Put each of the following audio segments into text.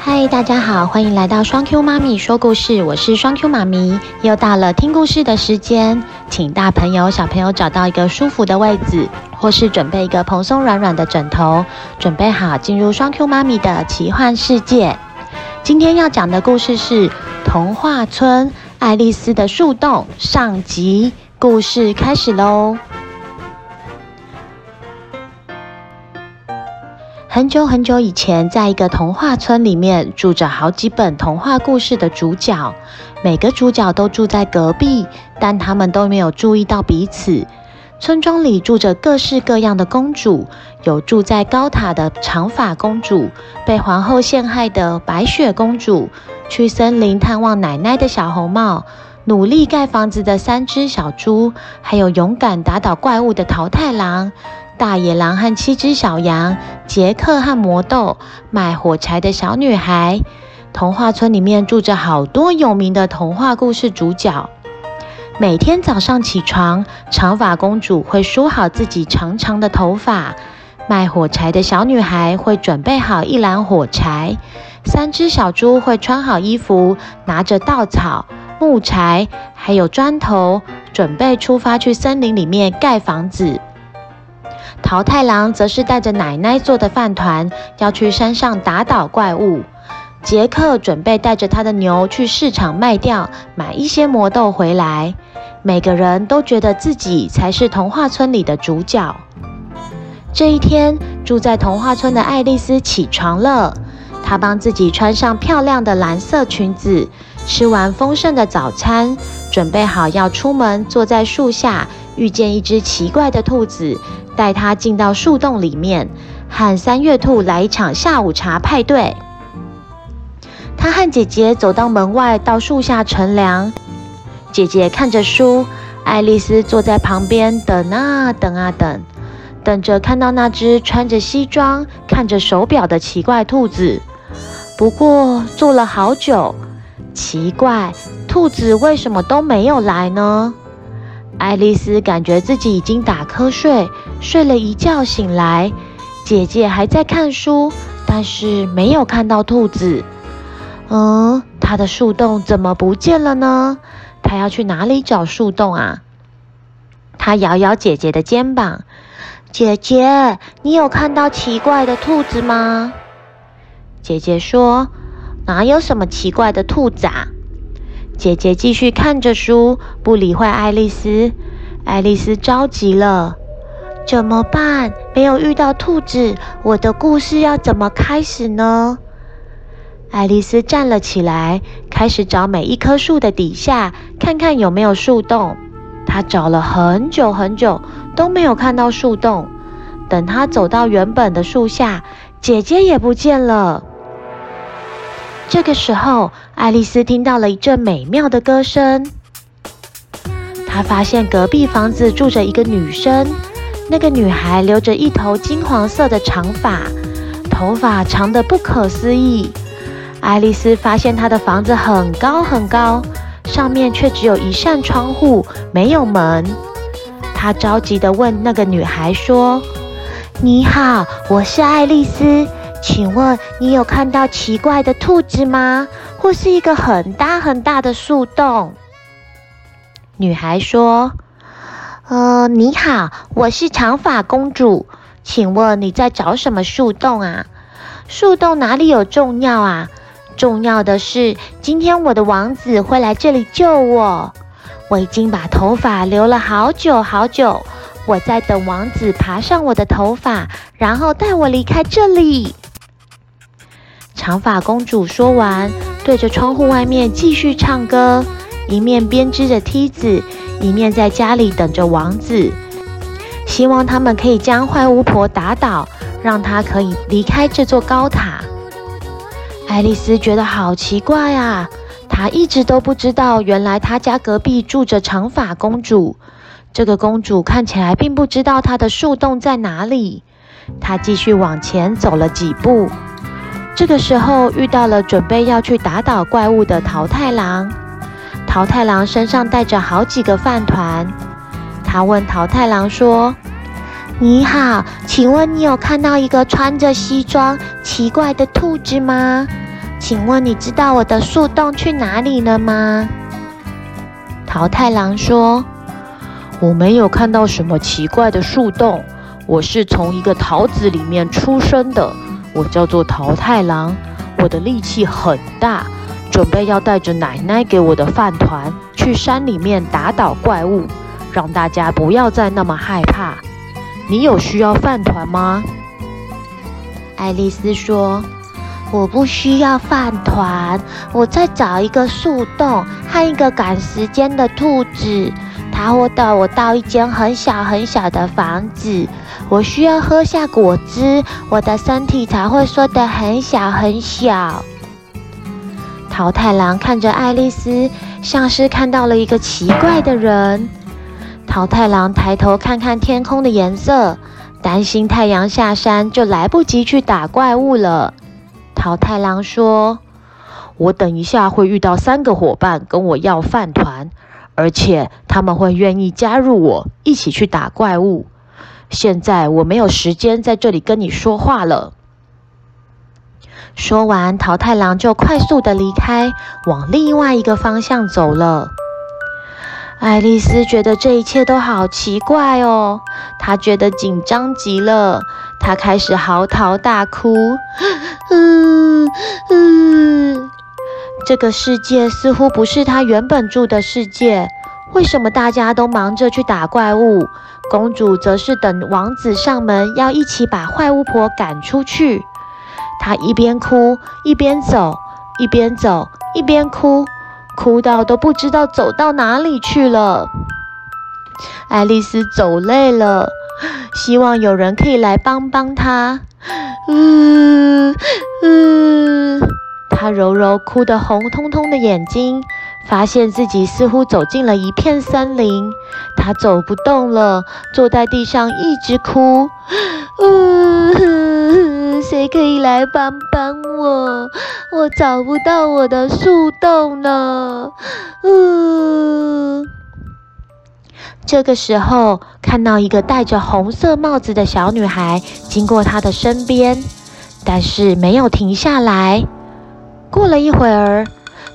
嗨，Hi，大家好，歡迎來到雙 Q 媽咪說故事，我是雙 Q 媽咪，又到了聽故事的時間，請大朋友小朋友找到一個舒服的位置，或是準備一個蓬鬆軟軟的枕頭，準備好進入雙 Q 媽咪的奇幻世界。今天要講的故事是童話村，愛麗絲的樹洞，上集，故事開始嘍。很久很久以前，在一個童話村裡面住着好幾本童話故事的主角，每個主角都住在隔壁，但他們都沒有注意到彼此。村莊裡住着各式各樣的公主，有住在高塔的長髮公主，被皇后陷害的白雪公主，去森林探望奶奶的小紅帽，努力蓋房子的三只小豬，還有勇敢打倒怪物的桃太郎。大野狼和七隻小羊，傑克和魔豆，賣火柴的小女孩。童話村裡面住着好多有名的童話故事主角。每天早上起床，長髮公主會梳好自己長長的頭髮；賣火柴的小女孩會準備好一籃火柴；三隻小豬會穿好衣服，拿着稻草、木柴還有磚頭，準備出發去森林裡面蓋房子。桃太郎則是帶着奶奶做的飯糰，要去山上打倒怪物。傑克準備帶着他的牛去市場賣掉，買一些魔豆回來。每個人都覺得自己才是童話村裡的主角。這一天，住在童話村的愛麗絲起床了，她幫自己穿上漂亮的藍色裙子，吃完豐盛的早餐，準備好要出門，坐在樹下。遇見一隻奇怪的兔子，帶它進到樹洞裡面，和三月兔來一場下午茶派對。她和姐姐走到門外，到樹下乘涼。姐姐看着書，愛麗絲坐在旁邊等啊等啊等，等着看到那隻穿着西裝、看着手錶的奇怪兔子。不過坐了好久，奇怪，兔子為什麼都沒有來呢？愛麗絲感覺自己已經打瞌睡，睡了一覺醒來，姐姐還在看書，但是沒有看到兔子。嗯，她的樹洞怎麼不見了呢？她要去哪裡找樹洞啊？她搖搖姐姐的肩膀：“姐姐，你有看到奇怪的兔子嗎？”姐姐說：“哪有什麼奇怪的兔子啊？”姐姐繼續看着書，不理會愛麗絲。愛麗絲着急了，怎麼辦？沒有遇到兔子，我的故事要怎麼開始呢？愛麗絲站了起來，開始找每一棵樹的底下，看看有沒有樹洞。她找了很久很久，都沒有看到樹洞。等她走到原本的樹下，姐姐也不見了。這個時候，愛麗絲聽到了一陣美妙的歌聲。她發現隔壁房子住着一個女生，那個女孩留着一頭金黃色的長髮，頭髮長得不可思議。愛麗絲發現她的房子很高很高，上面卻只有一扇窗戶，沒有門。她着急地問那個女孩說：“你好，我是愛麗絲。”請問你有看到奇怪的兔子嗎？或是一個很大很大的樹洞？女孩說：“呃，你好，我是長髮公主。請問你在找什麼樹洞啊？樹洞哪裡有重要啊？重要的是，今天我的王子會來這裡救我。我已經把頭髮留了好久好久，我在等王子爬上我的頭髮，然後帶我離開這裡。”長髮公主說完，對着窗戶外面繼續唱歌，一面編織着梯子，一面在家裡等着王子，希望他們可以將壞巫婆打倒，讓她可以離開這座高塔。愛麗絲覺得好奇怪啊，她一直都不知道，原來她家隔壁住着長髮公主。這個公主看起來並不知道她的樹洞在哪裡。她繼續往前走了幾步。這個時候遇到了準備要去打倒怪物的桃太郎。桃太郎身上帶着好幾個飯糰。他問桃太郎說：“你好，請問你有看到一個穿着西裝奇怪的兔子嗎？請問你知道我的樹洞去哪裡了嗎？”桃太郎說：“我沒有看到什麼奇怪的樹洞，我是從一個桃子裡面出生的。”我叫做桃太郎，我的力氣很大，準備要帶着奶奶給我的飯糰去山裡面打倒怪物，讓大家不要再那麼害怕。你有需要飯糰嗎？愛麗絲說：“我不需要飯糰，我在找一個樹洞和一個趕時間的兔子。”我到，我到一間很小很小的房子。我需要喝下果汁，我的身體才會縮得很小很小。桃太郎看着愛麗絲，像是看到了一個奇怪的人。桃太郎抬頭看看天空的顏色，擔心太陽下山就來不及去打怪物了。桃太郎說：“我等一下會遇到三個夥伴，跟我要飯糰。”而且他們會願意加入我一起去打怪物。現在我沒有時間在這裡跟你說話了。說完，桃太郎就快速地離開，往另外一個方向走了。愛麗絲覺得這一切都好奇怪哦，她覺得緊張極了，她開始嚎啕大哭，嗯嗯。這個世界似乎不是她原本住的世界。為什麼大家都忙着去打怪物，公主則是等王子上門，要一起把壞巫婆趕出去。她一邊哭一邊走，一邊走一邊哭，哭到都不知道走到哪裡去了。愛麗絲走累了，希望有人可以來幫幫她。嗯嗯。她揉揉哭得紅彤彤的眼睛，發現自己似乎走進了一片森林。她走不動了，坐在地上一直哭。嗚、呃，誰可以來幫幫我？我找不到我的樹洞了。嗚、呃。這個時候，看到一個戴着紅色帽子的小女孩經過她的身邊，但是沒有停下來。過了一會兒，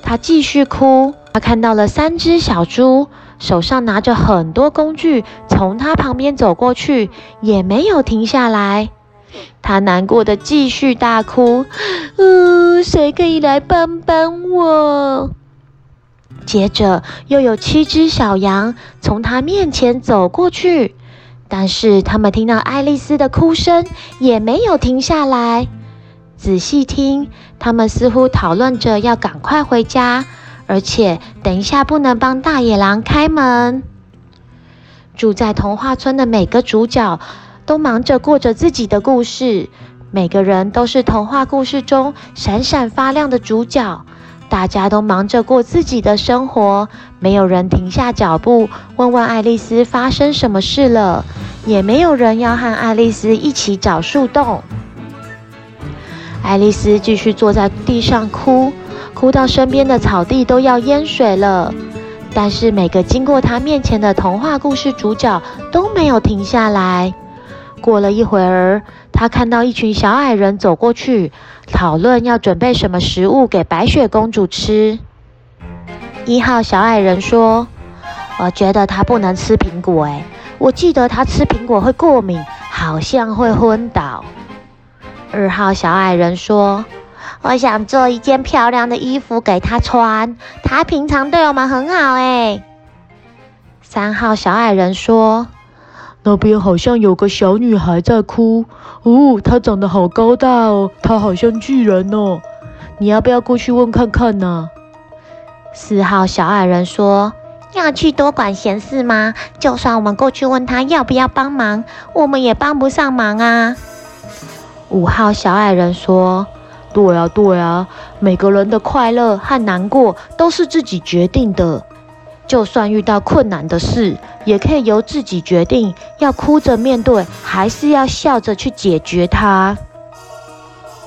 他繼續哭。他看到了三隻小豬，手上拿着很多工具，從他旁邊走過去，也沒有停下來。他難過地繼續大哭，嗚、呃，誰可以來幫幫我？接着又有七隻小羊從他面前走過去，但是他們聽到愛麗絲的哭聲，也沒有停下來。仔細聽。他們似乎討論着要趕快回家，而且等一下不能幫大野狼開門。住在童話村的每個主角都忙着過着自己的故事，每個人都是童話故事中閃閃發亮的主角。大家都忙着過自己的生活，沒有人停下腳步問問愛麗絲發生什麼事了，也沒有人要和愛麗絲一起找樹洞。愛麗絲繼續坐在地上哭，哭到身邊的草地都要淹水了。但是每個經過她面前的童話故事主角都沒有停下來。過了一會兒，她看到一群小矮人走過去，討論要準備什麼食物給白雪公主吃。一號小矮人說：“我覺得她不能吃蘋果欸，誒我記得她吃蘋果會過敏，好像會昏倒。”二號小矮人說：“我想做一件漂亮的衣服給他穿，他平常對我們很好。”哎，三號小矮人說：“那邊好像有個小女孩在哭，哦，她長得好高大哦，她好像巨人哦。你要不要過去問看看呢？啊？”四號小矮人說：“要去多管閒事嗎？就算我們過去問他要不要幫忙，我們也幫不上忙啊。”五號小矮人說：“對啊，對啊，每個人的快樂和難過都是自己決定的。就算遇到困難的事，也可以由自己決定，要哭着面對，還是要笑着去解決它。”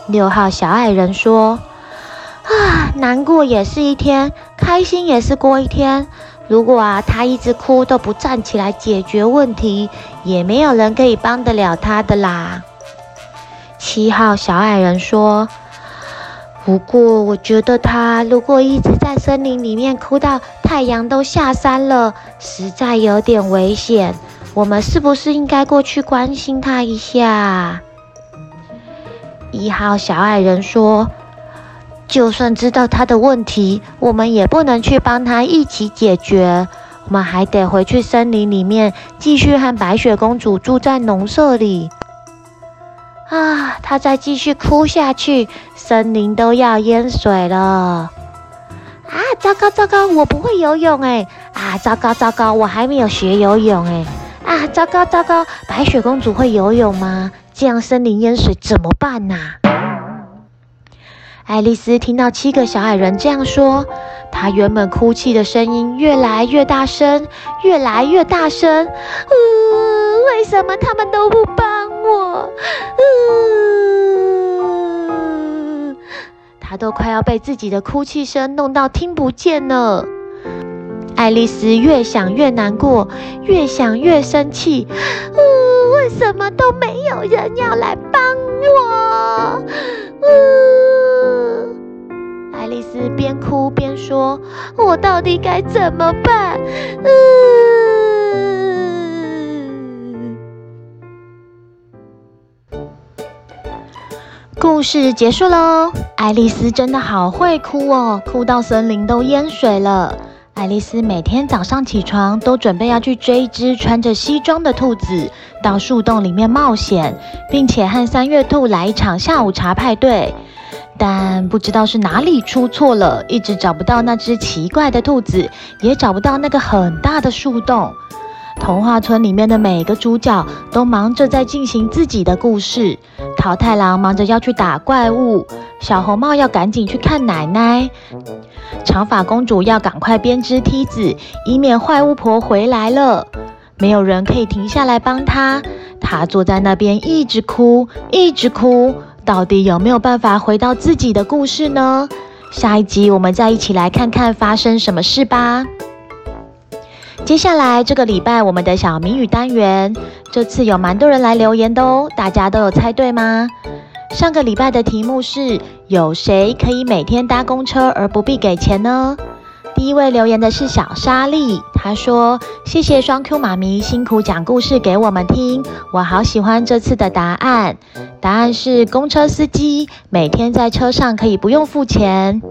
六號小矮人說：“啊，難過也是一天，開心也是過一天。如果啊，他一直哭都不站起來解決問題，也沒有人可以幫得了他的啦。”七號小矮人說：“不過，我覺得他如果一直在森林裡面哭到太陽都下山了，實在有點危險。我們是不是應該過去關心他一下？”一號小矮人說：“就算知道他的問題，我們也不能去幫他一起解決。我們還得回去森林裡面，繼續和白雪公主住在農舍裡。”啊！她再繼續哭下去，森林都要淹水了！啊，糟糕糟糕，我不會游泳哎、欸！啊，糟糕糟糕，我還沒有學游泳哎、欸！啊，糟糕糟糕，白雪公主會游泳嗎？這樣森林淹水怎麼辦呢、啊？愛麗絲聽到七個小矮人這樣說，她原本哭泣的聲音越來越大聲，越來越大聲，呃為什麼他們都不幫我？呃，他都快要被自己的哭泣聲弄到聽不見了。愛麗絲越想越難過，越想越生氣。呃。為什麼都沒有人要來幫我？呃，愛麗絲邊哭邊說：“我到底該怎麼辦？”呃。故事結束嘍，愛麗絲真的好會哭哦，哭到森林都淹水了。愛麗絲每天早上起床都準備要去追一隻穿着西裝的兔子，到樹洞裡面冒險，並且和三月兔來一場下午茶派對。但不知道是哪裡出錯了，一直找不到那隻奇怪的兔子，也找不到那個很大的樹洞。童話村裡面的每個主角都忙着在進行自己的故事。桃太郎忙着要去打怪物，小紅帽要趕緊去看奶奶，長髮公主要趕快編織梯子，以免壞巫婆回來了。沒有人可以停下來幫她，她坐在那邊一直哭，一直哭。到底有沒有辦法回到自己的故事呢？下一集我們再一起來看看發生什麼事吧。接下來這個禮拜我們的小謎語單元，這次有蠻多人來留言的哦，大家都有猜對嗎？上個禮拜的題目是，有誰可以每天搭公車而不必給錢呢？第一位留言的是小莎莉，她說謝謝雙 Q 媽咪辛苦講故事給我們聽，我好喜歡這次的答案，答案是公車司機每天在車上可以不用付錢。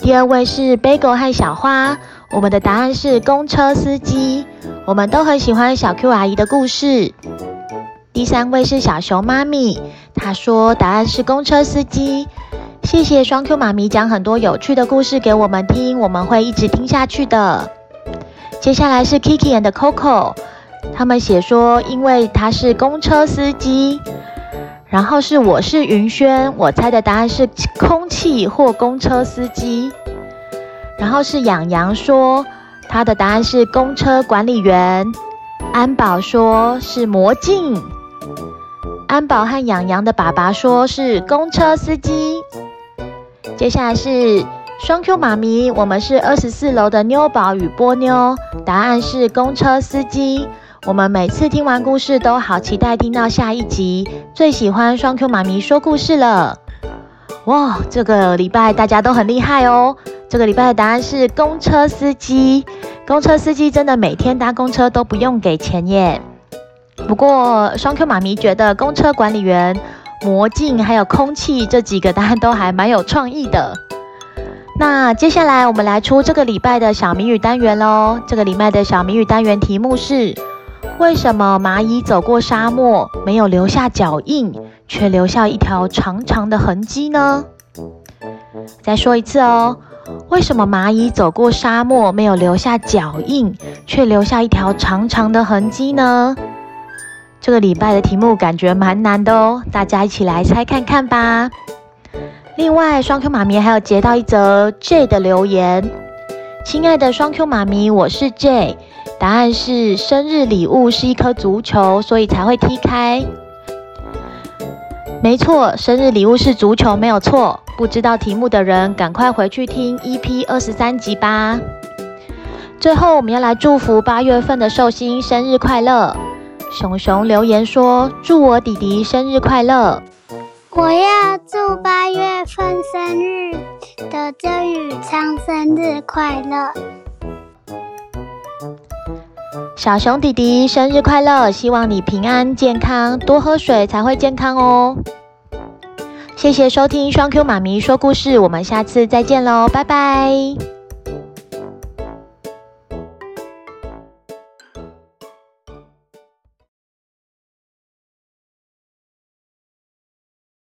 第二位是 Bego 和小花。我們的答案是公車司機，我們都很喜歡小 Q 阿姨的故事。第三位是小熊媽咪，她說答案是公車司機。謝謝雙 Q 媽咪講很多有趣的故事給我們聽，我們會一直聽下去的。接下來是 Kiki and Coco，他們寫說因為他是公車司機。然後是我是云軒，我猜的答案是空氣或公車司機。然後是洋洋說，他的答案是公車管理員；安寶說是魔鏡；安寶和洋洋的爸爸說是公車司機。接下來是雙 Q 媽咪，我們是二十四樓的妞寶與波妞，答案是公車司機。我們每次聽完故事都好期待聽到下一集，最喜歡雙 Q 媽咪說故事了。哇，這個禮拜大家都很厲害哦！這個禮拜的答案是公車司機。公車司機真的每天搭公車都不用給錢耶。不過雙 Q 媽咪覺得公車管理員、魔鏡還有空氣這幾個答案都還蠻有創意的。那接下來我們來出這個禮拜的小謎語單元嘍。這個禮拜的小謎語單元題目是：為什麼螞蟻走過沙漠，沒有留下腳印，卻留下一條長長的痕跡呢？再說一次哦。為什麼螞蟻走過沙漠，沒有留下腳印，卻留下一條長長的痕跡呢？這個禮拜的題目感覺蠻難的哦，大家一起來猜看看吧。另外，雙 Q 媽咪還有接到一則 J 的留言：“親愛的雙 Q 媽咪，我是 J，答案是生日禮物是一顆足球，所以才會踢開。”沒錯，生日禮物是足球，沒有錯。不知道題目的人，趕快回去聽 EP 二十三集吧。最後，我們要來祝福八月份的壽星生日快樂。熊熊留言說：“祝我弟弟生日快樂。”我要祝八月份生日的鄭宇昌生日快樂。小熊弟弟生日快樂！希望你平安健康，多喝水才會健康哦。謝謝收聽雙 Q 媽咪說故事，我們下次再見嘍，拜拜。